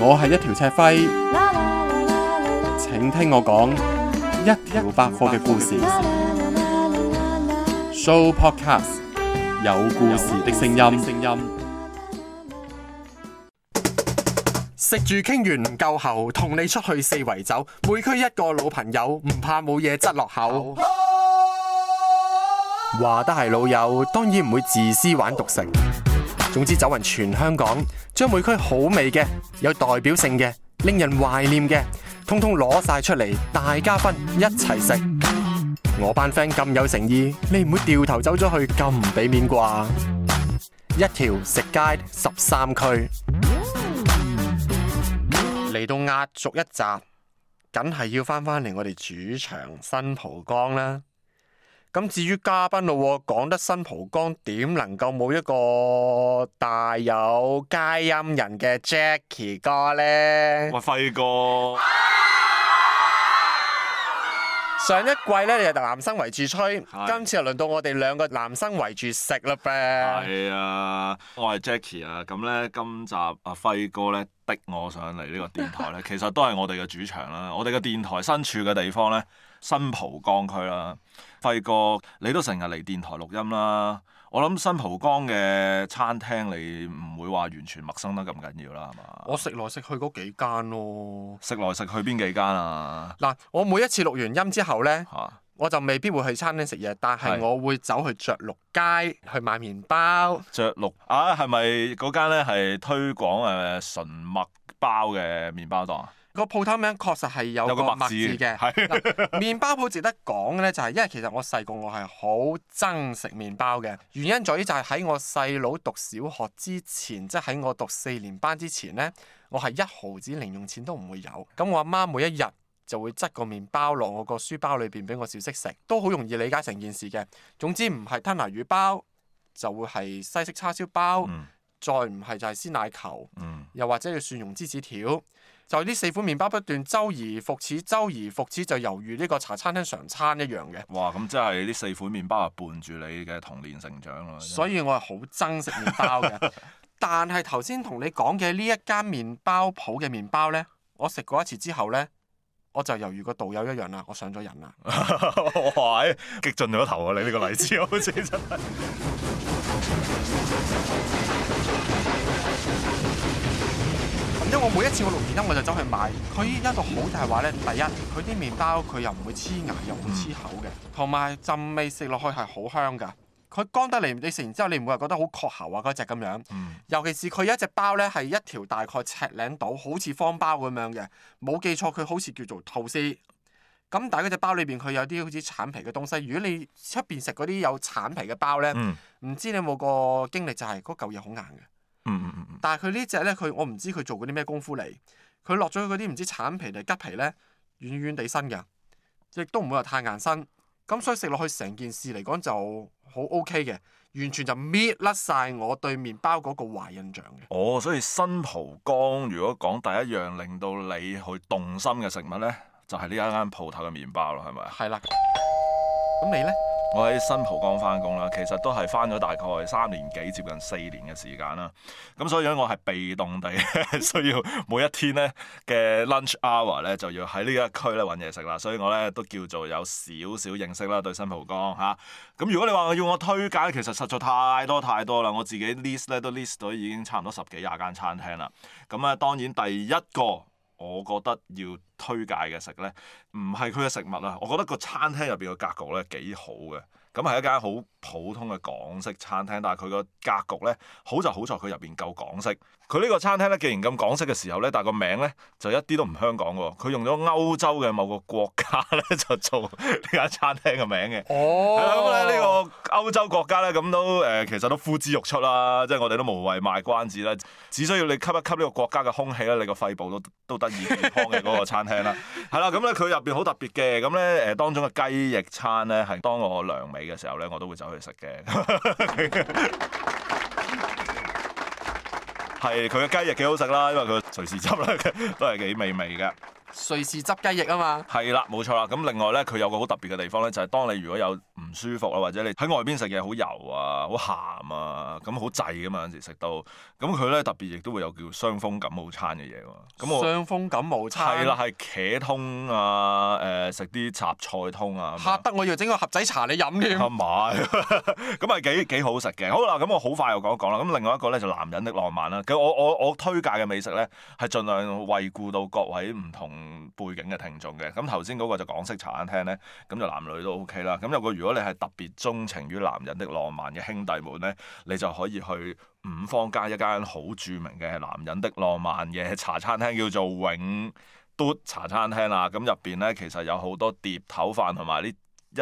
我係一條赤輝，請聽我講一條百貨嘅故事。故事 show podcast 有故事的聲音。食住傾完唔夠喉，同你出去四圍走，每區一個老朋友，唔怕冇嘢執落口。話得係老友，當然唔會自私玩獨食。總之走匀全香港，將每區好味嘅、有代表性嘅、令人懷念嘅，通通攞晒出嚟，大家分一齊食。我班 friend 咁有誠意，你唔會掉頭走咗去咁唔俾面啩？一條食街十三區，嚟到壓軸一集，梗係要翻返嚟我哋主場新蒲崗啦。咁至於嘉賓啦，講得新蒲崗，點能夠冇一個大有佳音人嘅 Jackie 哥咧？喂，輝哥，上一季咧，你就男生圍住吹，是今次又輪到我哋兩個男生圍住食啦噃，係啊，我係 Jackie 啊，咁咧，今集阿輝哥咧，逼我上嚟呢個電台咧，其實都係我哋嘅主場啦。 我哋嘅電台身處嘅地方咧，新蒲崗區啦。費過你都成日嚟電台錄音啦，我諗新蒲崗嘅餐廳你唔會話完全陌生得咁緊要啦，係嘛？我食來食去嗰幾間咯。食來食去邊幾間啊？嗱、啊，我每一次錄完音之後咧，啊、我就未必會去餐廳食嘢，但係我會走去爵祿街去買麵包。爵祿啊，係咪嗰間咧係推廣誒純麥包嘅麵包檔？個鋪頭名確實係有個密字嘅。係。 麵包鋪值得講嘅呢，就係因為其實我細個我係好憎食麵包嘅。原因在於就係喺我細佬讀小學之前，即係喺我讀四年班之前呢，我係一毫子零用錢都唔會有。咁我阿媽，媽每一日就會執個麵包落我個書包裏邊俾我小息食，都好容易理解成件事嘅。總之唔係吞拿魚包，就會，係，係西式叉燒包。嗯再唔係就係、是、鮮奶球，又或者要蒜蓉芝士條，就呢四款麵包不斷周而復始，周而復始就猶如呢個茶餐廳常餐一樣嘅。哇！咁即係呢四款麵包係伴住你嘅童年成長咯。所以我係好憎食麵包嘅， 但係頭先同你講嘅呢一間麵包鋪嘅麵包呢，我食過一次之後呢，我就猶如個導遊一樣啦，我上咗癮啦，係激進咗頭啊！你呢個例子好似真係。 因為我每一次我錄完音我就走去買，佢優度好大，係話呢，第一佢啲麵包佢又唔會黐牙，又唔會黐口嘅，同埋浸味食落去係好香噶，佢乾得嚟你食完之後你唔會係覺得好硌喉啊嗰隻咁樣，尤其是佢有一隻包呢，係一條大概尺零度好似方包咁樣嘅，冇記錯佢好似叫做吐司。咁但係嗰隻包裏邊佢有啲好似橙皮嘅東西。如果你出邊食嗰啲有橙皮嘅包呢，唔、嗯、知你有冇個經歷就係嗰嚿嘢好硬嘅。嗯嗯、但係佢呢隻呢，佢我唔知佢做過啲咩功夫嚟。佢落咗嗰啲唔知橙皮定桔皮呢，軟軟地身嘅，亦都唔會話太硬身。咁所以食落去成件事嚟講就好 OK 嘅，完全就搣甩晒我對麵包嗰個壞印象嘅。哦，所以新蒲崗如果講第一樣令到你去動心嘅食物呢？就係呢一間鋪頭嘅麵包咯，係咪啊？係啦。咁你呢？我喺新蒲崗翻工啦，其實都係翻咗大概三年幾，接近四年嘅時間啦。咁所以咧，我係被動地需要每一天咧嘅 lunch hour 咧，就要喺呢一區咧揾嘢食啦。所以我咧都叫做有少少認識啦，對新蒲崗。嚇、啊。咁如果你話要我推介，其實實在太多太多啦。我自己 list 咧都 list 到已經差唔多十幾廿間餐廳啦。咁啊，當然第一個。我覺得要推介嘅食咧，唔係佢嘅食物啦，我覺得個餐廳入邊嘅格局咧幾好嘅。咁係一間好普通嘅港式餐廳，但係佢個格局咧好就好在佢入邊夠港式。佢呢個餐廳咧，既然咁港式嘅時候咧，但係個名咧就一啲都唔香港喎。佢用咗歐洲嘅某個國家咧，就做呢間餐廳嘅名嘅。哦。係啦，咁咧呢個歐洲國家咧，咁都誒、呃，其實都呼之欲出啦，即係我哋都無謂賣關子啦，只需要你吸一吸呢個國家嘅空氣啦，你個肺部都都得以健康嘅嗰個餐廳啦。係啦， 咁咧佢入邊好特別嘅，咁咧誒當中嘅雞翼餐咧係當我涼尾。嘅時候咧，我都會走去食嘅。係佢嘅雞翼幾好食啦，因為佢瑞士汁啦，都係幾美味嘅。瑞士汁雞翼啊嘛。係啦，冇錯啦。咁另外咧，佢有個好特別嘅地方咧，就係當你如果有唔舒服啊，或者你喺外邊食嘢好油啊、好鹹啊，咁好滯噶嘛，有時食到。咁佢咧特別亦都會有叫傷風感冒餐嘅嘢喎。咁我傷風感冒餐係啦，係茄通啊，誒、啊呃、食啲雜菜通啊。嚇得我要整個盒仔茶你飲添。嚇，唔係？咁啊幾幾好食嘅。好啦，咁我好快又講一講啦。咁另外一個咧就男人的浪漫啦。咁我我我推介嘅美食咧係盡量惠顧到各位唔同背景嘅聽眾嘅。咁頭先嗰個就港式茶餐廳咧，咁就男女都 OK 啦。咁有個如果你係特別鍾情於男人的浪漫嘅兄弟們咧，你就可以去。五方街一間好著名嘅男人的浪漫嘅茶餐廳叫做永 d 茶餐廳啦，咁入邊咧其實有好多碟頭飯同埋呢一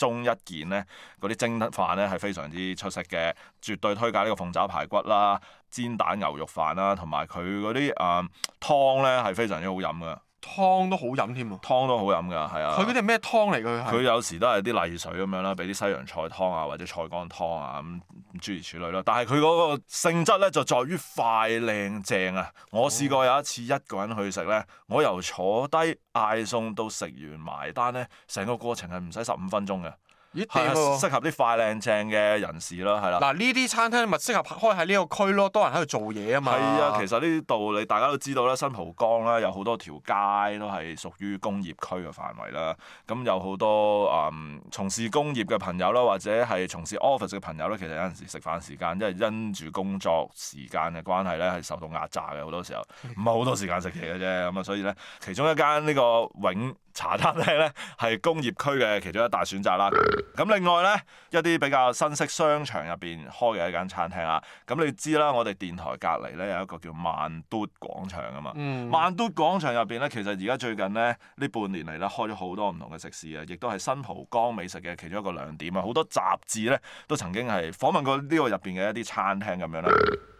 盅一件咧，嗰啲蒸得飯咧係非常之出色嘅，絕對推介呢個鳳爪排骨啦、煎蛋牛肉飯啦，同埋佢嗰啲啊湯咧係非常之好飲噶。湯都好飲添喎，湯都好飲㗎，係啊。佢嗰啲係咩湯嚟？佢係佢有時都係啲例水咁樣啦，俾啲西洋菜湯啊，或者菜乾湯啊咁，諸如此類咯。但係佢嗰個性質咧，就在於快、靚、正啊！我試過有一次一個人去食咧，我由坐低嗌餸到食完埋單咧，成個過程係唔使十五分鐘嘅。一定喎，適合啲快靚正嘅人士咯，係啦。嗱，呢啲餐廳咪適合開喺呢個區咯，多人喺度做嘢啊嘛。係啊，其實呢啲道理大家都知道啦，新蒲崗啦，有好多條街都係屬於工業區嘅範圍啦。咁有好多誒、嗯，從事工業嘅朋友啦，或者係從事 office 嘅朋友咧，其實有陣時食飯時間，因為因住工作時間嘅關係咧，係受到壓榨嘅好多時候，唔係好多時間食嘢嘅啫。咁啊，所以咧，其中一間呢個永茶餐廳咧，係工業區嘅其中一大選擇啦。咁另外咧，一啲比較新式商場入邊開嘅一間餐廳啊。咁你知啦，我哋電台隔籬咧，有一個叫萬都廣場啊嘛。萬都、嗯、廣場入邊咧，其實而家最近咧，呢半年嚟咧開咗好多唔同嘅食肆啊，亦都係新蒲崗美食嘅其中一個亮點啊。好多雜誌咧都曾經係訪問過呢個入邊嘅一啲餐廳咁樣啦。嗯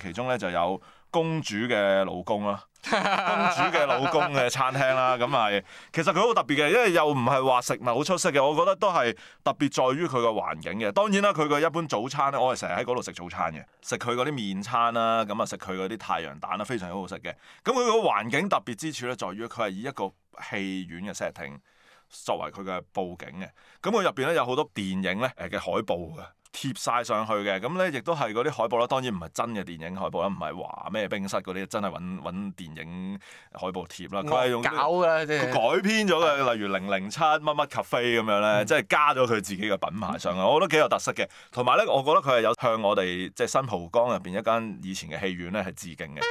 其中咧就有公主嘅老公啦，公主嘅老公嘅餐廳啦，咁係其實佢好特別嘅，因為又唔係話食物好出色嘅，我覺得都係特別在於佢個環境嘅。當然啦，佢個一般早餐咧，我係成日喺嗰度食早餐嘅，食佢嗰啲麵餐啦，咁啊食佢嗰啲太陽蛋啦，非常之好食嘅。咁佢個環境特別之處咧，在於佢係以一個戲院嘅 setting 作為佢嘅佈景嘅。咁佢入邊咧有好多電影咧誒嘅海報嘅。貼晒上去嘅，咁咧亦都係嗰啲海報啦。當然唔係真嘅電影海報啦，唔係話咩冰室嗰啲，真係揾揾電影海報貼啦。佢係用搞改編咗嘅，的例如零零七乜乜咖啡咁樣咧，即係加咗佢自己嘅品牌上去、嗯。我覺得幾有特色嘅，同埋咧，我覺得佢係有向我哋即係新蒲崗入邊一間以前嘅戲院咧係致敬嘅。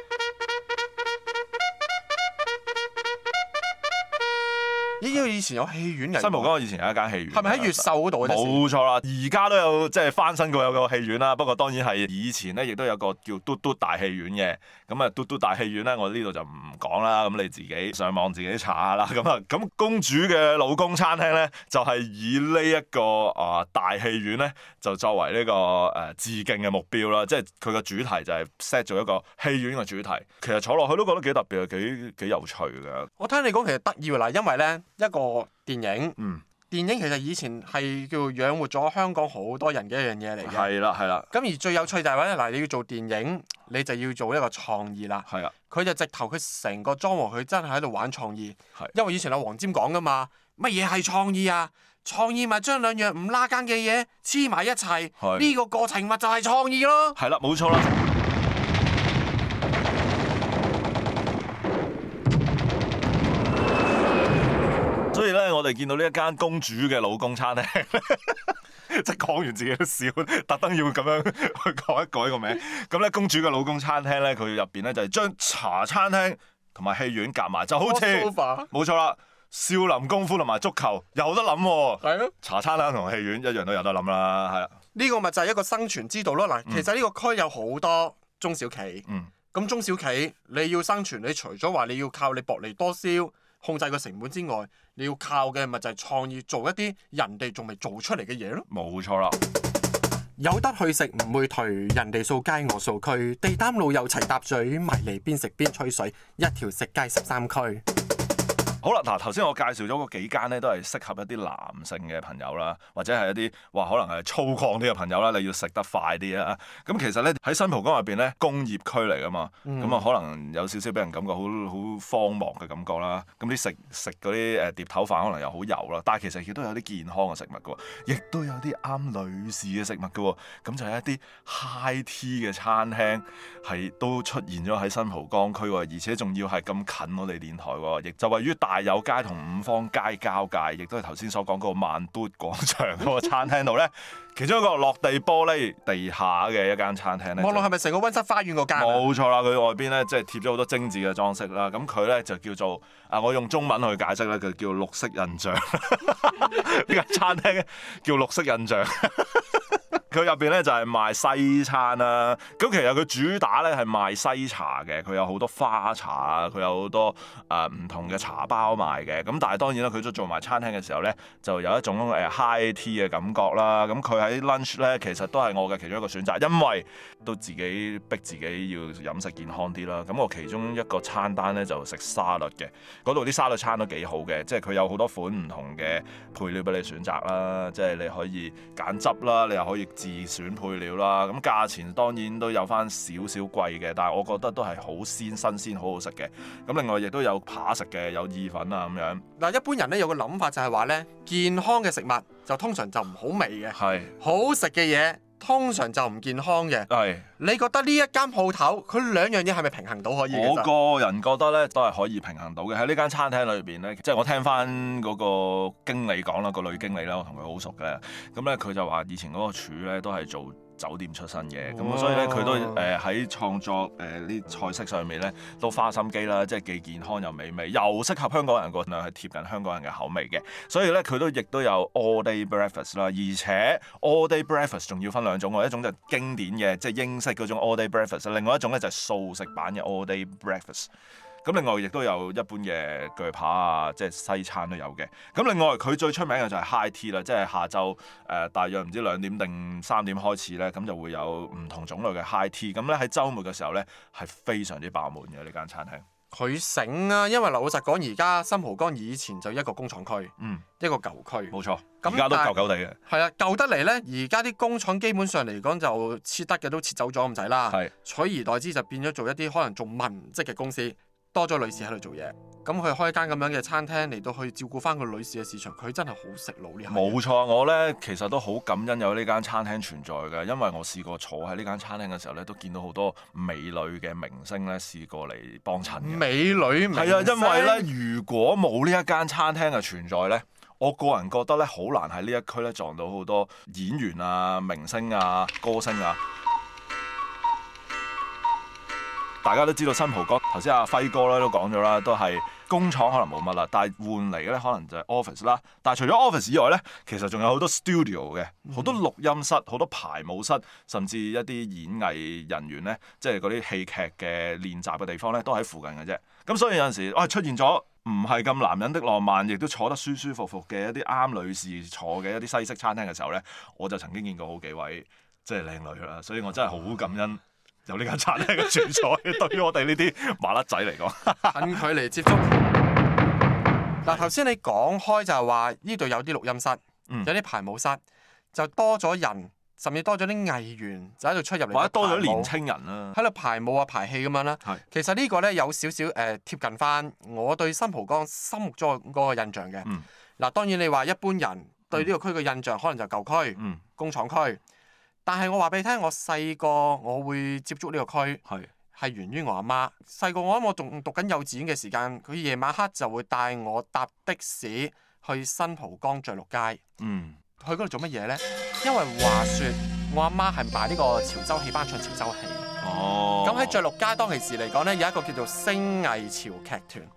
依個以前有戲院嘅，新蒲崗以前有一間戲院，係咪喺越秀度？冇錯啦，而家都有即係翻新過有個戲院啦。不過當然係以前咧，亦都有個叫嘟嘟大戲院嘅。咁啊，嘟嘟大戲院咧，我呢度就唔講啦。咁你自己上網自己查下啦。咁啊，咁公主嘅老公餐廳咧，就係以呢一個啊大戲院咧，就作為呢個誒致敬嘅目標啦。即係佢個主題就係 set 咗一個戲院嘅主題。其實坐落去都覺得幾特別啊，幾幾有趣嘅。我聽你講其實得意㗎嗱，因為咧。一個電影，嗯、電影其實以前係叫養活咗香港好多人嘅一樣嘢嚟嘅。係啦，係啦。咁而最有趣就係話咧，嗱，你要做電影，你就要做一個創意啦。係啊。佢就直頭，佢成個裝潢，佢真係喺度玩創意。係。因為以前阿黃霑講噶嘛，乜嘢係創意啊？創意咪將兩樣唔拉更嘅嘢黐埋一齊。係。呢個過程咪就係創意咯。係啦，冇錯啦。我哋見到呢一間公主嘅老公餐廳， 即係講完自己都笑，特登要咁樣去 改一改個名。咁咧，公主嘅老公餐廳咧，佢入邊咧就係將茶餐廳同埋戲院夾埋，就好似。冇錯啦。少林功夫同埋足球有得諗喎，係咯。茶餐廳同戲院一樣都有得諗啦，係啦。呢個咪就係一個生存之道咯。嗱，其實呢個區有好多中小企，嗯，咁中小企你要生存，你除咗話你要靠你薄利多銷。控制個成本之外，你要靠嘅咪就係創意，做一啲人哋仲未做出嚟嘅嘢咯。冇錯啦，有得去食唔會退，人哋掃街我掃區，地攤路友齊搭嘴，埋嚟邊食邊吹水，一條食街十三區。好啦，嗱，頭先我介紹咗嗰幾間咧，都係適合一啲男性嘅朋友啦，或者係一啲話可能係粗獷啲嘅朋友啦，你要食得快啲啊！咁其實咧喺新蒲崗入邊咧，工業區嚟噶嘛，咁啊可能有少少俾人感覺好好荒蕪嘅感覺啦。咁啲食食嗰啲誒碟頭飯可能又好油啦，但係其實亦都有啲健康嘅食物噶，亦都有啲啱女士嘅食物噶。咁就係一啲 high tea 嘅餐廳係都出現咗喺新蒲崗區喎，而且仲要係咁近我哋電台喎，亦就位於。大有街同五方街交界，亦都係頭先所講嗰個萬盃廣場嗰個餐廳度呢。其中一個落地玻璃地下嘅一間餐廳咧，望落係咪成個溫室花園個間？冇錯啦，佢外邊呢，即係貼咗好多精緻嘅裝飾啦。咁佢呢，就叫做啊，我用中文去解釋呢——就叫綠色印象。呢間餐廳叫綠色印象。 佢入邊咧就係、是、賣西餐啦、啊，咁其實佢主打咧係賣西茶嘅，佢有好多花茶啊，佢有好多誒唔、呃、同嘅茶包賣嘅。咁但係當然啦，佢都做埋餐廳嘅時候咧，就有一種誒 high、呃、tea 嘅感覺啦。咁、嗯、佢喺 lunch 咧，其實都係我嘅其中一個選擇，因為都自己逼自己要飲食健康啲啦。咁我其中一個餐單咧就食沙律嘅，嗰度啲沙律餐都幾好嘅，即係佢有好多款唔同嘅配料俾你選擇啦，即係你可以揀汁啦，你又可以。自選配料啦，咁價錢當然都有翻少少貴嘅，但係我覺得都係好鮮新鮮，好好食嘅。咁另外亦都有扒食嘅，有意粉啊咁樣。嗱，一般人咧有個諗法就係話咧，健康嘅食物就通常就唔好味嘅，係是好食嘅嘢。通常就唔健康嘅，係是你覺得呢一間鋪頭佢兩樣嘢係咪平衡到可以？我個人覺得咧都係可以平衡到嘅，喺呢間餐廳裏邊咧，即係我聽翻嗰個經理講啦，個女經理啦，我同佢好熟嘅，咁咧佢就話以前嗰個廚咧都係做。酒店出身嘅，咁哇所以咧佢都誒喺、呃、創作誒啲、呃、菜式上面咧都花心機啦，即係既健康又美味，又適合香港人個量，係貼近香港人嘅口味嘅。所以咧佢都亦都有 all day breakfast 啦，而且 all day breakfast 仲要分兩種，一種就係經典嘅即係英式嗰種 all day breakfast，另外一種咧就係素食版嘅 all day breakfast。咁另外亦都有一般嘅鋸扒啊，即係西餐都有嘅。咁另外佢最出名嘅就係 high tea 啦，即係下晝誒大約唔知兩點定三點開始咧，咁就會有唔同種類嘅 high tea。咁咧喺周末嘅時候咧係非常之爆滿嘅呢間餐廳。佢醒啊，因為嗱老實講，而家新蒲崗以前就一個工廠區，嗯，一個舊區，冇錯，而家都舊舊地嘅係啊，舊得嚟咧，而家啲工廠基本上嚟講就撤得嘅都撤走咗咁滯啦，係是取而代之就變咗做一啲可能做文職嘅公司。多咗女士喺度做嘢，咁佢開一間咁樣嘅餐廳嚟到去照顧翻個女士嘅市場，佢真係好食腦呢行。冇錯，我呢其實都好感恩有呢間餐廳存在嘅，因為我試過坐喺呢間餐廳嘅時候呢都見到好多美女嘅明星呢試過嚟幫襯美女，係啊，因為呢如果冇呢一間餐廳嘅存在呢，我個人覺得呢好難喺呢一區呢撞到好多演員啊、明星啊、歌星啊。大家都知道新蒲崗頭先阿輝哥咧都講咗啦，都係工廠可能冇乜啦，但係換嚟嘅咧可能就係 office 啦。但係除咗 office 以外咧，其實仲有好多 studio 嘅，好多錄音室，好多排舞室，甚至一啲演藝人員咧，即係嗰啲戲劇嘅練習嘅地方咧，都喺附近嘅啫。咁所以有陣時，哇、哎、出現咗唔係咁男人的浪漫，亦都坐得舒舒服服嘅一啲啱女士坐嘅一啲西式餐廳嘅時候咧，我就曾經見過好幾位即係靚女啦，所以我真係好感恩。有呢間餐廳嘅存在，對於我哋呢啲麻甩仔嚟講，近距離接觸。嗱，頭先你講開就係話，呢度有啲錄音室，嗯、有啲排舞室，就多咗人，甚至多咗啲藝員，就喺度出入。或者多咗年輕人啦、啊，喺度排舞啊、排戲咁樣啦。係是，其實呢個咧有少少誒貼近翻我對新蒲崗心目中嗰個印象嘅。嗱、嗯，當然你話一般人對呢個區嘅印象，可能就舊區、嗯、工廠區。但係我話俾你聽，我細個我會接觸呢個區，係是源於我阿媽。細個我喺我讀讀緊幼稚園嘅時間，佢夜晚黑就會帶我搭的士去新蒲崗爵祿街。嗯，去嗰度做乜嘢呢？因為話説我阿媽係擺呢個潮州戲班唱潮州戲。哦，咁喺爵祿街當其時嚟講呢，有一個叫做星藝潮劇團。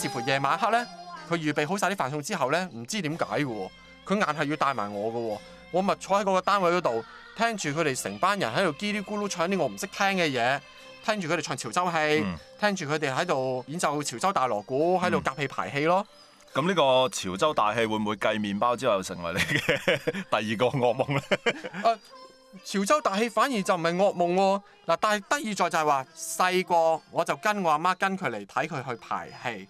似乎夜晚黑咧，佢預備好晒啲飯餸之後咧，唔知點解嘅，佢硬係要帶埋我嘅。我咪坐喺嗰個單位嗰度，聽住佢哋成班人喺度嘰哩咕嚕唱啲我唔識聽嘅嘢，聽住佢哋唱潮州戲，嗯、聽住佢哋喺度演奏潮州大鑼鼓，喺度夾戲排戲咯。咁呢、嗯、個潮州大戲會唔會計麵包之後又成為你嘅 第二個噩夢咧、？ 啊？潮州大戲反而就唔係噩夢嗱、啊，但係得意在就係話細個我就跟我阿媽跟佢嚟睇佢去排戲。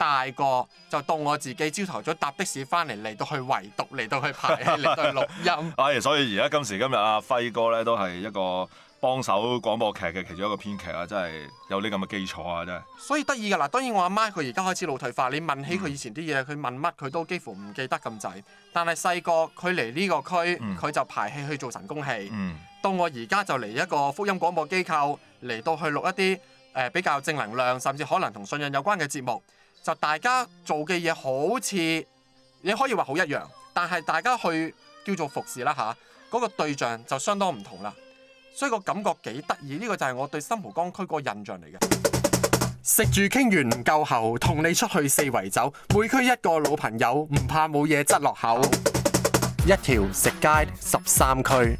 大個就到我自己朝頭早搭的士翻嚟，嚟到去圍讀、嚟到去排戲、嚟到去錄音。哎， 所以而家今時今日阿輝哥咧都係一個幫手廣播劇嘅其中一個編劇啊，真係有呢咁嘅基礎啊，真係。所以得意噶嗱，當然我阿媽佢而家開始腦退化。你問起佢以前啲嘢，佢、嗯、問乜佢都幾乎唔記得咁滯。但係細個佢嚟呢個區，佢、嗯、就排戲去做神功戲。嗯、到我而家就嚟一個福音廣播機構嚟到去錄一啲誒比較正能量，甚至可能同信仰有關嘅節目。就大家做嘅嘢好似，你可以話好一樣，但係大家去叫做服侍啦吓，嗰個對象就相當唔同啦，所以個感覺幾得意，呢、這個就係我對新蒲崗區個印象嚟嘅。食住傾完唔夠喉同你出去四圍走，每區一個老朋友，唔怕冇嘢執落口。一條食街十三區。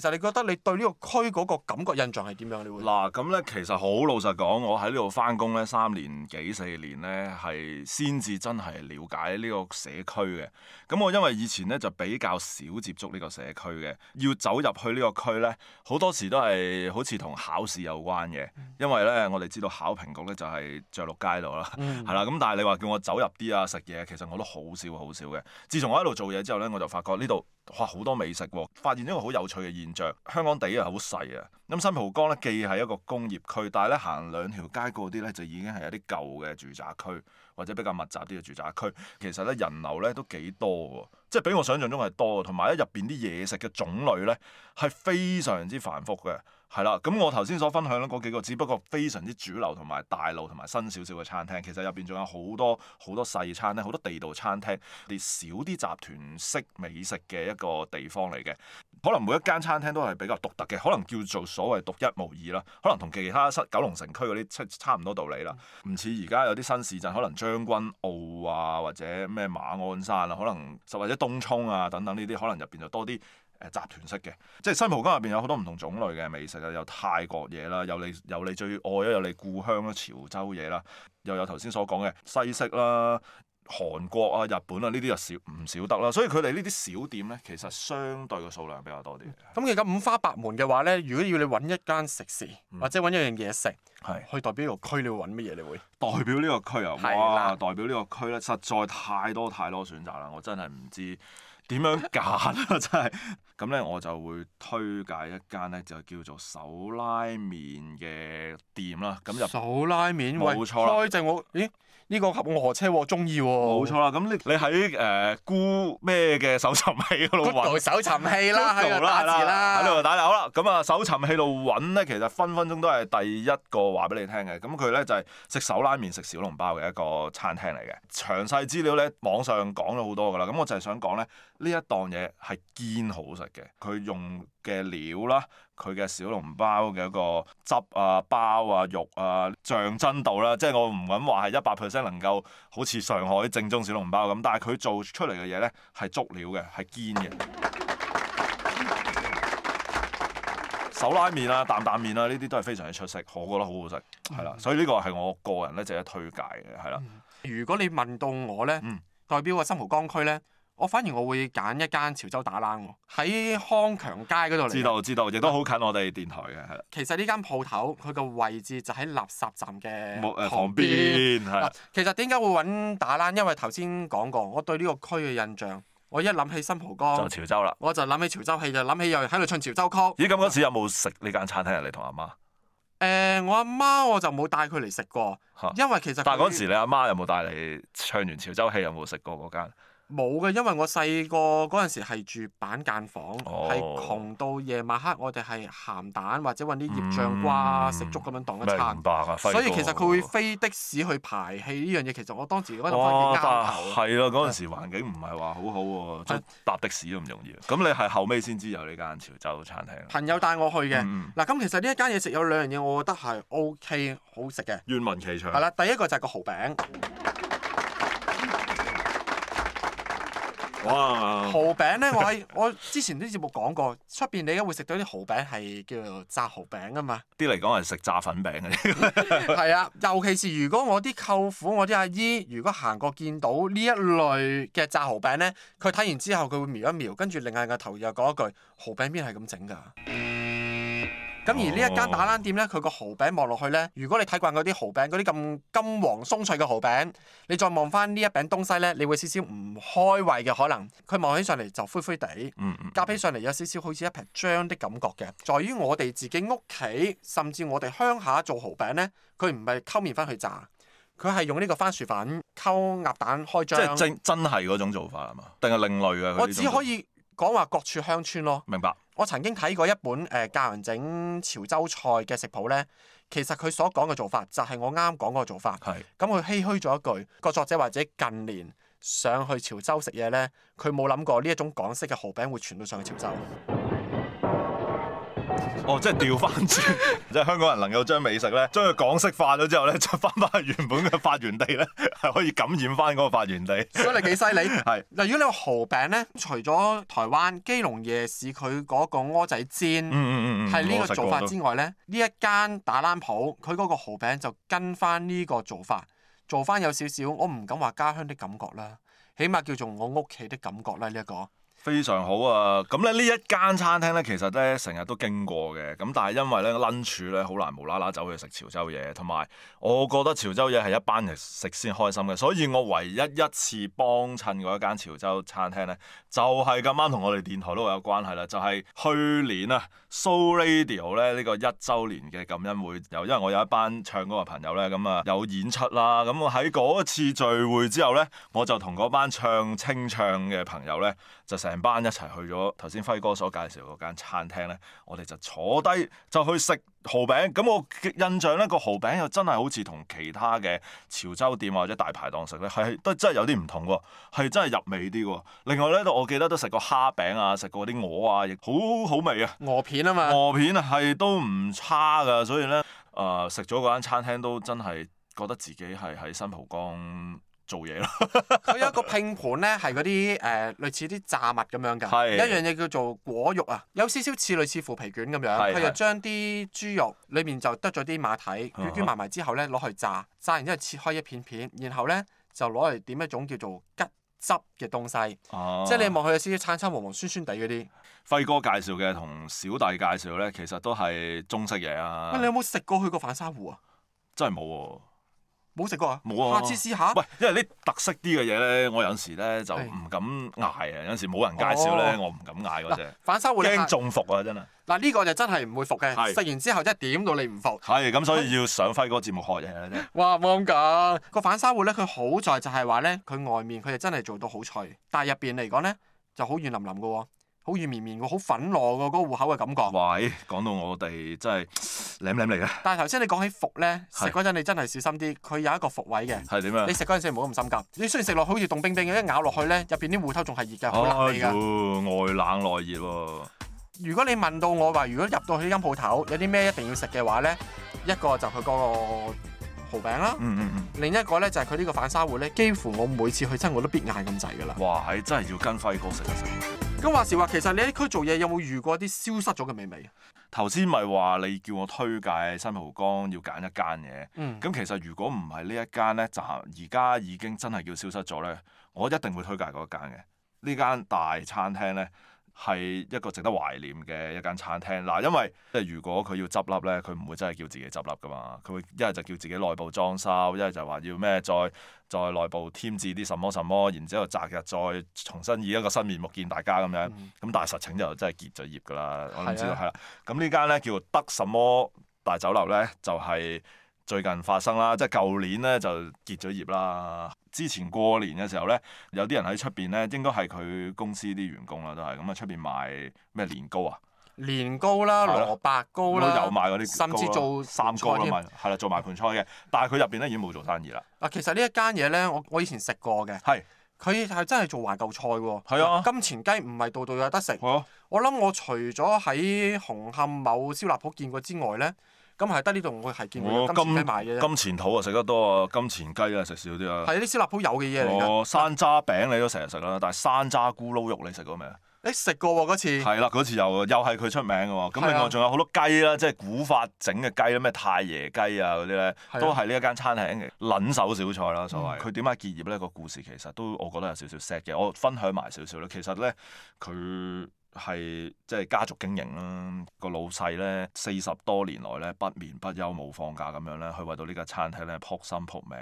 其實你覺得你對呢個區嗰個感覺印象係點樣？你會嗱咁咧，其實好老實講，我喺呢度返工咧三年幾四年咧，係先至真係了解呢個社區嘅。咁我因為以前咧就比較少接觸呢個社區嘅，要走入去呢個區咧，好多時都係好似同考試有關嘅。因為咧，我哋知道考評局咧就係著落街度啦、嗯， 係啦。咁但係你話叫我走入啲啊食嘢，其實我都好少好少嘅。自從我喺度做嘢之後咧，我就發覺呢度。哇！好多美食喎、啊，發現一個好有趣嘅現象，香港地啊好細啊，咁新蒲崗咧既係一個工業區，但係咧行兩條街嗰啲咧就已經係一啲舊嘅住宅區。或者比較密集啲嘅住宅區，其實咧人流咧都幾多喎，即係比我想象中係多。同埋咧入邊啲嘢食嘅種類咧係非常之繁複嘅，係啦。咁我頭先所分享咧嗰幾個，只不過非常之主流同埋大路同埋新少少嘅餐廳，其實入邊仲有好多好多細餐廳，好多地道餐廳，啲少啲集團式美食嘅一個地方嚟嘅。可能每一間餐廳都係比較獨特嘅，可能叫做所謂獨一無二啦。可能同其他失九龍城區嗰啲差唔多道理啦。唔似而家有啲新市鎮，可能將軍澳啊，或者咩馬鞍山啊，可能十或者東涌啊等等呢啲，可能入邊就多啲誒、呃、集團式嘅。即係新蒲崗入邊有好多唔同種類嘅美食啊，有泰國嘢啦，有你有你最愛啊，有你故鄉啊，潮州嘢啦，又有頭先所講嘅西式啦。韓國啊、日本啦、啊，呢啲又少唔少得啦，所以佢哋呢啲小店咧，其實相對嘅數量比較多啲。咁而家五花八門嘅話咧，如果要你揾一間食肆，或者揾一樣嘢食，去、嗯、代表呢個區，你會揾乜嘢？你會代表呢個區啊？嗯、哇！係啦代表呢個區咧，實在太多太多選擇啦，我真係唔知。點樣揀啊！真係咁咧，我就會推介一間咧，就叫做手拉麵嘅店啦。咁就手拉麵，冇錯啦。正就我咦？呢個合我何車喎？鍾意喎！冇錯啦。咁你你喺誒估咩嘅搜尋器嗰度揾？搜尋器啦，喺度打字啦，喺度打字好啦。咁啊，搜尋器度揾咧，其實分分鐘都係第一個話俾你聽嘅。咁佢咧就係食手拉麵、食小籠包嘅一個餐廳嚟嘅。詳細資料咧，網上講咗好多㗎啦。咁我就係想講咧。呢一檔嘢係堅好食嘅，佢用嘅料啦，佢嘅小籠包嘅一個汁啊、包啊、肉啊、像真度啦，即係我唔敢話係一百 percent 能夠好似上海正宗小籠包咁，但係佢做出嚟嘅嘢咧係足料嘅，係堅嘅。 手拉麵啊、擔擔麵啊，呢啲都係非常之出色，我覺得好好食，係啦。嗯、所以呢個係我個人咧，值得推介嘅，係啦。嗯、如果你問到我咧，嗯、代表個新蒲崗區咧。我反而我會揀一間潮州打冷喎，喺康強街嗰度嚟。知道知道，亦都好近我哋電台嘅。其實呢間鋪頭佢個位置就喺垃圾站嘅旁邊。係。其實點解會揾打冷？因為頭先講過，我對呢個區嘅印象，我一諗起新蒲崗，就潮州啦。我就諗起潮州戲，就諗起又喺度唱潮州曲。咦？咁嗰時有冇食呢間餐廳你同阿媽？誒、欸，我阿媽，媽我就冇帶佢嚟食過，因為其實但嗰時你阿媽，媽有冇帶你唱完潮州戲有冇食過嗰間？冇嘅，因為我細個嗰陣時係住板間房，係、哦、窮到夜晚黑，我哋係鹹蛋或者揾啲葉醬瓜、嗯、食粥咁樣當一餐。所以其實佢會飛的士去排氣呢樣嘢。其實我當時嗰度環境艱苦。係咯，嗰陣、啊、時環境唔係話好好、啊、喎，搭是的士都唔容易。咁你係後尾先知有呢間潮州餐廳。朋友帶我去嘅。嗱、嗯，咁其實呢一間嘢食有兩樣嘢，我覺得係 OK、好食嘅。願聞其詳。係啦，第一個就係個蠔餅。哇！蠔餅呢？我喺我之前啲節目講過，出邊你而家會食到啲蠔餅係叫做炸蠔餅啊嘛！啲嚟講係食炸粉餅嘅啫。係 啊，尤其是如果我啲舅父、我啲阿姨，如果行過見到呢一類嘅炸蠔餅呢，佢睇完之後佢會瞄一瞄，跟住另一個頭又講一句：蠔餅邊係咁整㗎？咁而呢一間打冷店呢，佢個蠔餅望落去呢，如果你睇慣嗰啲蠔餅嗰啲咁金黃鬆脆嘅蠔餅，你再望翻呢一餅東西呢，你會少少唔開胃嘅可能。佢望起上嚟就灰灰地，夾起上嚟有少少好似一皮漿的感覺嘅。在於我哋自己屋企，甚至我哋鄉下做蠔餅呢，佢唔係溝麵粉去炸，佢係用呢個番薯粉溝鴨蛋開漿。即係真真係嗰種做法啊嘛？定係另類嘅？我只可以講話各處鄉村咯。明白。我曾經睇過一本誒、呃、教人整潮州菜嘅食譜呢，其實佢所講嘅做法就係我啱講嗰個做法。係。咁佢唏噓咗一句，個作者或者近年上去潮州食嘢呢，佢冇諗過呢一種港式嘅蠔餅會傳到上去潮州。哦，即係掉翻轉，即係 香港人能夠將美食咧，將佢港式化咗之後咧，就翻返去原本嘅發源地咧，係可以感染翻嗰個發源地。所以你幾犀利！係 是。嗱，如果你話蠔餅咧，除咗台灣基隆夜市佢嗰個蚵仔煎，嗯係、嗯、呢、嗯、個做法之外咧，呢一間打冷鋪佢嗰個蠔餅就跟翻呢個做法，做翻有少少，我唔敢話家鄉的感覺啦，起碼叫做我屋企的感覺啦，呢、這、一個。非常好啊！咁咧呢一間餐廳咧，其實咧成日都經過嘅。咁但係因為咧 lunch 咧好難無啦啦走去食潮州嘢，同埋我覺得潮州嘢係一班人食先開心嘅。所以，我唯一一次幫襯嗰一間潮州餐廳咧，就係咁啱同我哋電台都有關係啦。就係、是、去年啊，So Radio 咧呢、這個一周年嘅感恩會有，因為我有一班唱歌嘅朋友咧，咁啊有演出啦。咁喺一次聚會之後咧，我就同班唱清唱嘅朋友咧就成。成班一齊去咗頭先輝哥所介紹嗰間餐廳咧，我哋就坐低就去食蠔餅。咁我印象咧，個蠔餅又真係好似同其他嘅潮州店或者大排檔食咧，係都真係有啲唔同喎，係真係入味啲喎。另外咧，我記得都食過蝦餅啊，食過啲鵝啊，亦好好味啊。鵝片啊嘛。鵝片啊，係都唔差噶。所以咧，誒食咗嗰間餐廳都真係覺得自己係喺新蒲崗做嘢咯，佢 有一個拼盤咧，係嗰啲誒類似啲炸物咁樣㗎，的一樣嘢叫做果肉啊，有少少似類似腐皮卷咁樣，佢的就將啲豬肉裏面就得咗啲馬蹄，卷捲埋埋之後咧攞去炸，炸完之後切開一片片，然後咧就攞嚟點一種叫做吉汁嘅東西，啊、即係你望佢有少少橙橙黃黃酸酸地嗰啲。輝、啊、哥介紹嘅同小弟介紹咧，其實都係中式嘢啊。喂，你有冇食過去過反沙湖啊？真係冇喎。冇食過，下次試下。滋滋啊、喂，因為啲特色啲嘅嘢咧，我有陣時咧就唔敢嗌啊。唉有陣時冇人介紹咧，哦、我唔敢嗌嗰隻。反沙芋咧驚中伏啊！真係嗱，呢、呢個就真係唔會服嘅。食是完之後真係點到你唔服。係咁，所以要上輝哥節目學嘢嘅啫。哇，冇咁緊個反沙芋咧，佢好在就係話咧，佢外面佢哋真係做到好脆，但係入邊嚟講咧就好軟腍腍嘅喎。好軟綿綿嘅，好粉糯嘅嗰個芋頭嘅感覺。喂，講到我哋真係舐舐嚟嘅。但係頭先你講起伏咧，食嗰陣你真係小心啲，佢是有一個伏位嘅。係點啊？你食嗰陣時唔好咁心急。你雖然食落好似凍冰冰嘅，一咬落去咧，入邊啲芋頭仲係熱嘅，好辣味㗎、啊。外冷內熱喎、啊。如果你問到我話，如果入到去呢間鋪頭，有啲咩一定要食嘅話咧，一個就佢嗰個蠔餅啦、嗯。嗯嗯嗯。另一個咧就係佢呢個反沙芋咧，幾乎我每次去親我都必嗌咁滯㗎啦。哇！係真係要跟輝哥食一食。咁話時話，其實你喺區做嘢有冇遇過一啲消失咗嘅美味？頭先咪話你叫我推介新濠江要揀一間嘅，咁、嗯、其實如果唔係呢一間咧，就而家已經真係叫消失咗咧。我一定會推介嗰間嘅呢間大餐廳咧。係一個值得懷念嘅一間餐廳。嗱，因為即係如果佢要執笠咧，佢唔會真係叫自己執笠噶嘛。佢會一係就叫自己內部裝修，一係就話要咩再再內部添置啲什麼什麼，然之後擇日再重新以一個新面目見大家咁樣。咁、嗯、但係實情就真係結咗業噶啦。我唔知道係啦。咁、啊、呢間咧叫得什麼大酒樓咧，就係、是、最近發生啦。即係舊年咧就結咗業啦。之前過年嘅時候咧，有啲人喺出邊咧，應該係佢公司啲員工啦，都係咁啊，出邊賣咩年糕啊？年糕啦，蘿蔔糕啦，都有賣嗰啲，甚至做三糕啦，係啦也，做埋盆菜嘅，但係佢入邊咧已經冇做生意啦。啊，其實呢一間嘢咧，我我以前食過嘅，係佢係真係做懷舊菜喎。的金錢雞唔係度度有得食。的我諗我除咗喺紅磡某燒臘鋪見過之外咧。咁係得呢度，我係見到金，金錢買金錢肚啊，食得多啊，金錢雞啊，食少啲啊。係啊，啲燒臘鋪有嘅嘢嚟。哦，山楂餅你都成日食啦，但係山楂咕嚕肉你食過未？欸、啊？誒，食過喎，嗰次。係啦，嗰次有又係佢出名嘅喎。咁、啊、另外仲有好多雞啦，即係古法整嘅雞啦，咩太爺雞啊嗰啲咧，啊、都係呢一間餐廳嘅撚手小菜啦，所謂。佢點解結業咧？個故事其實都我覺得有少少 sad 嘅，我分享埋少少啦。其實咧，佢。係即係家族經營啦，個老細咧四十多年來咧不眠不休冇放假咁樣咧，去為到呢間餐廳咧撲心撲命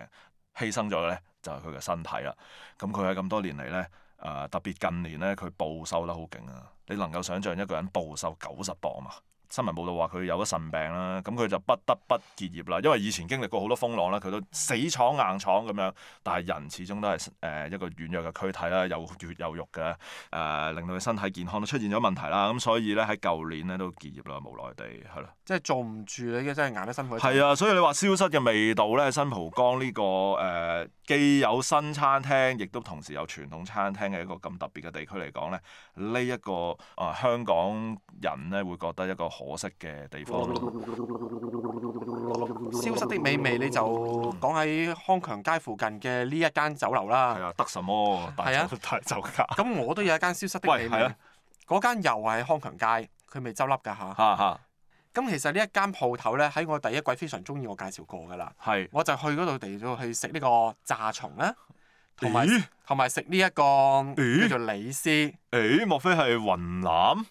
犧牲咗咧就係佢嘅身體啦。咁佢喺咁多年嚟咧，誒、呃、特別近年咧佢暴瘦得好勁啊！你能夠想象一個人暴瘦九十磅嘛？新聞報道話佢有咗腎病啦，咁佢就不得不結業啦，因為以前經歷過好多風浪啦，佢都死闖硬闖咁樣，但係人始終都係誒一個軟弱嘅軀體啦，有血有肉嘅，誒、呃、令到佢身體健康都出現咗問題啦，咁所以咧喺舊年咧都結業啦，無奈地係咯。即係做唔住你嘅，真係捱得辛苦。係啊，所以你話消失嘅味道咧，新蒲崗呢、這個誒、呃、既有新餐廳，亦都同時有傳統餐廳嘅一個咁特別嘅地區嚟講咧，呢、這、一個啊、呃、香港人咧會覺得一個。可惜嘅地方，消失的美味，味你就講喺康強街附近嘅呢一間酒樓啦。係、嗯、啊，得什麼、哦？大酒，、啊、大，酒大酒家。咁 我都有一間消失的美味，嗰、啊、間又係康強街，佢未執笠㗎嚇。咁、啊啊啊、其實呢一間鋪頭咧，喺我第一季非常鍾意，我介紹過㗎啦。係是。我就去嗰度地度去食呢、欸這個炸蟲啦，同埋同埋食呢一個叫做李絲。誒、欸欸？莫非係雲南？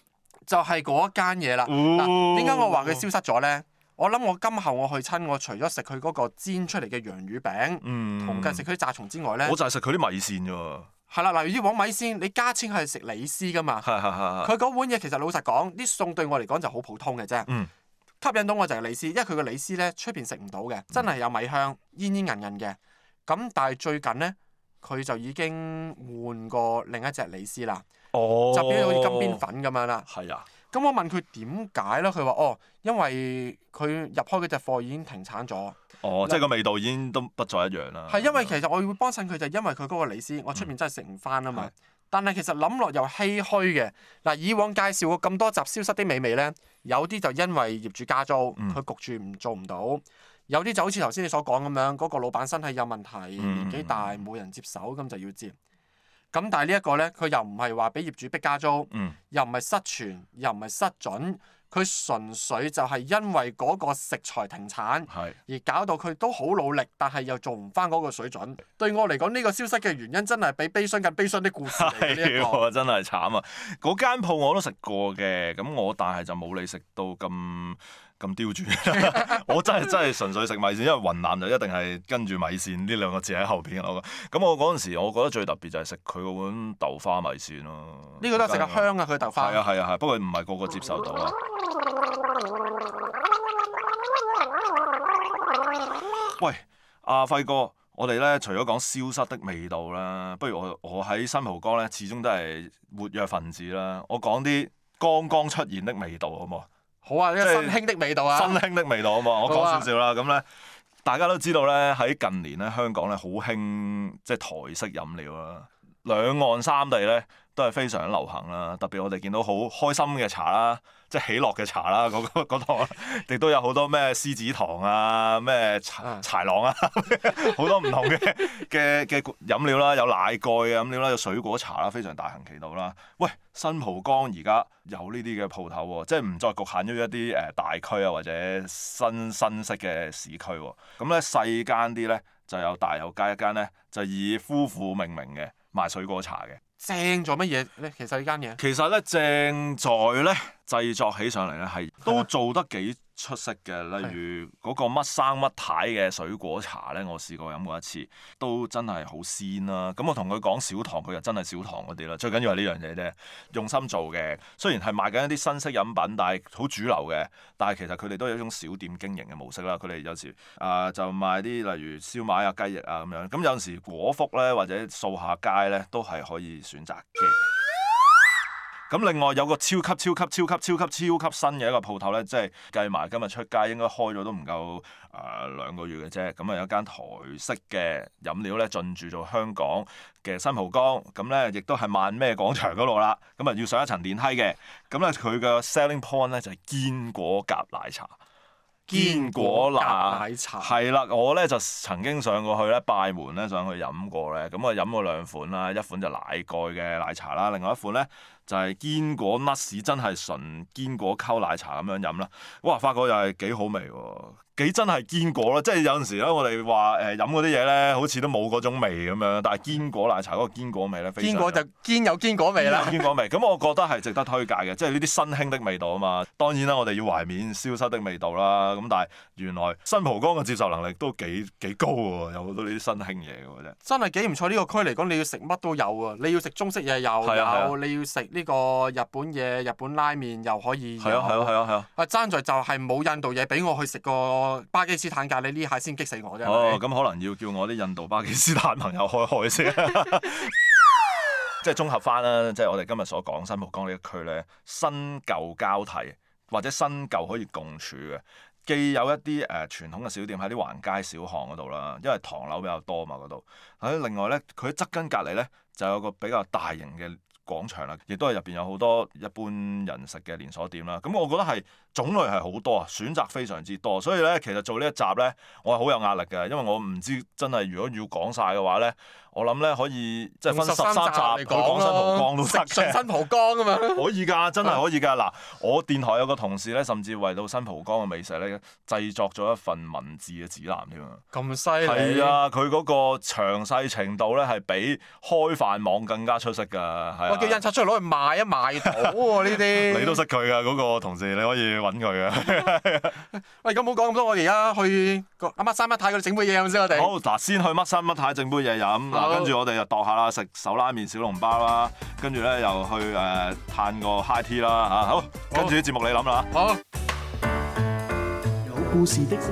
就係嗰一間嘢啦。點解、哦、我話佢消失咗呢？哦、我諗我今後我去親，我除咗食佢嗰個煎出嚟嘅洋魚餅，同食佢啲炸蟲之外呢，我就係食佢啲米線啫。係啦，嗱，如啲黃米線，你加錢係食李師㗎嘛？佢嗰 碗嘢其實老實講，啲餸對我嚟講就好普通嘅啫。嗯、吸引到我就係李師，因為佢個李師呢出邊食唔到嘅，真係有米香，煙煙韌韌嘅。咁但係最近呢，佢就已經換過另一隻李師啦。Oh, 就變咗好似金邊粉咁樣啦。係啊。咁我問佢點解咧？佢話：哦，因為佢入開嗰隻貨已經停產咗。哦、oh, 那，即係個味道已經都不再一樣啦。係因為其實我會幫襯佢，就因為佢嗰個李師，嗯、我出面真係食唔翻啊嘛。啊但係其實諗落又唏噓嘅。嗱，以往介紹過咁多集消失啲美味咧，有啲就因為業主加租，佢焗住唔做唔到；嗯、有啲就好似頭先你所講咁樣，嗰、那個老闆身體有問題，年紀大冇人接手，咁就要接。咁但係呢一個呢，佢又唔係話俾業主逼加租，嗯、又唔係失傳，又唔係失準，佢純粹就係因為嗰個食材停產，是而搞到佢都好努力，但係又做唔翻嗰個水準。對我嚟講，呢、呢個消失嘅原因真係比悲傷更悲傷的故事嚟嘅呢，真係慘啊！嗰間鋪我都食過嘅，咁我但係就冇你食到咁。咁刁鑽， 我真係真係純粹食米線，因為雲南就一定係跟住米線呢兩個字喺後邊。我覺得，咁我嗰陣時，我覺得最特別就係食佢嗰碗豆花米線咯。呢個都係食得香嘅！佢豆花。係啊係啊係，不過唔係個個接受到啊。喂，阿、啊、輝哥，我哋咧除咗講消失的味道啦，不如我我喺新蒲崗咧，始終都係活躍分子啦，我講啲剛剛出現的味道好冇？好啊！呢個新興的味道啊，新興的味道啊嘛！我講少少啦，咁咧、啊、大家都知道咧，喺近年咧香港咧好興即係台式飲料啦，兩岸三地咧都係非常流行啦，特別我哋見到好開心嘅茶啦。即係喜樂嘅茶啦，嗰、個嗰度亦都有好多咩獅子糖啊，咩柴豺狼啊，好 多唔同嘅嘅嘅飲料啦，有奶蓋嘅飲料啦，有水果茶啦，非常大行其道啦。喂，新蒲崗而家有呢啲嘅鋪頭喎，即係唔再局限於一啲誒大區啊，或者新新式嘅市區喎。咁咧細間啲咧就有大有街一間咧，就以夫婦命名嘅賣水果茶嘅，正在乜嘢咧？其實呢間嘢其實咧正在咧。製作起上嚟咧，係都做得幾出色嘅。例如嗰個乜生乜太嘅水果茶咧，我試過飲過一次，都真係好鮮啦。咁我同佢講少糖，佢又真係少糖嗰啲啦。最緊要係呢樣嘢啫，用心做嘅。雖然係賣緊一啲新式飲品，但係好主流嘅。但係其實佢哋都係一種小店經營嘅模式啦。佢哋有時啊、呃，就賣啲例如燒賣啊、雞翼啊咁樣。咁有陣時果腹咧，或者掃下街咧，都係可以選擇嘅。咁另外有個超級超級超級超級超級新嘅一個鋪頭咧，即係計埋今日出街應該開咗都唔夠誒、呃、兩個月嘅啫。咁啊，有一間台式嘅飲料咧，進駐咗香港嘅新蒲崗，咁咧亦都係萬咩廣場嗰度啦。咁啊，要上一層電梯嘅。咁咧，佢嘅 selling point 咧就係堅果夾奶茶，堅果夾奶茶。係啦，我咧就曾經上過去咧拜門咧上去飲過咧。咁啊，飲過兩款啦，一款就奶蓋嘅奶茶啦，另外一款咧，就係堅果 nuts 真係純堅果溝奶茶咁樣飲啦，哇！發覺又係幾好味喎，幾真係堅果咯，即係有陣時咧，我哋話誒飲嗰啲嘢咧，好似都冇嗰種味咁樣，但係堅果奶茶嗰個堅果味咧，堅果就堅有堅果味啦，堅果味，咁我覺得係值得推介嘅，即係呢啲新興的味道啊嘛。當然啦，我哋要懷緬消失的味道啦。咁但係原來新蒲崗嘅接受能力都幾幾高喎，有好多呢啲新興嘢嘅喎真，真係幾唔錯，呢、呢個區嚟講，你要食乜都有喎。你要食中式嘢又有，你要食。Right. Yes. 呢個日本嘢、日本拉麵又可以，係啊係啊係啊係啊！啊，啊爭在就係冇印度嘢俾我去食個巴基斯坦咖喱呢下先激死我啫。哦，咁可能要叫我啲印度、巴基斯坦朋友開開先 即係綜合翻啦，即、就、係、是、我哋今日所講新蒲崗呢一區咧，新舊交替或者新舊可以共處嘅，既有一啲誒、呃、傳統嘅小店喺啲橫街小巷嗰度啦，因為唐樓比較多嘛嗰度。喺另外咧，佢側跟隔離咧就有個比較大型嘅。廣場啦，亦都係入邊有好多一般人食嘅連鎖店啦。咁我覺得係種類係好多啊，選擇非常之多。所以咧，其實做呢一集咧，我係好有壓力嘅，因為我唔知真係如果要講晒嘅話咧。我諗咧，可以即係分十三集去講新蒲崗都得，新蒲崗啊嘛，可以㗎，真係可以㗎嗱！我電台有個同事咧，甚至為到新蒲崗嘅美食咧製作咗一份文字嘅指南添啊！咁犀利係啊！佢嗰個詳細程度咧係比開飯網更加出色㗎，係我叫印刷出嚟攞去賣啊，賣到喎呢啲，你都識佢㗎嗰個同事，你可以揾佢嘅。喂，咁唔好講咁多，我而家去阿乜三乜太嗰度整杯嘢飲先，我哋好嗱，先去乜三乜太整杯嘢飲。跟住好我哋就度下啦，食手拉麵、小籠包啦，跟住咧又去誒嘆個 high tea 啦嚇。好，跟住啲節目你諗啦嚇。好。有故事的食。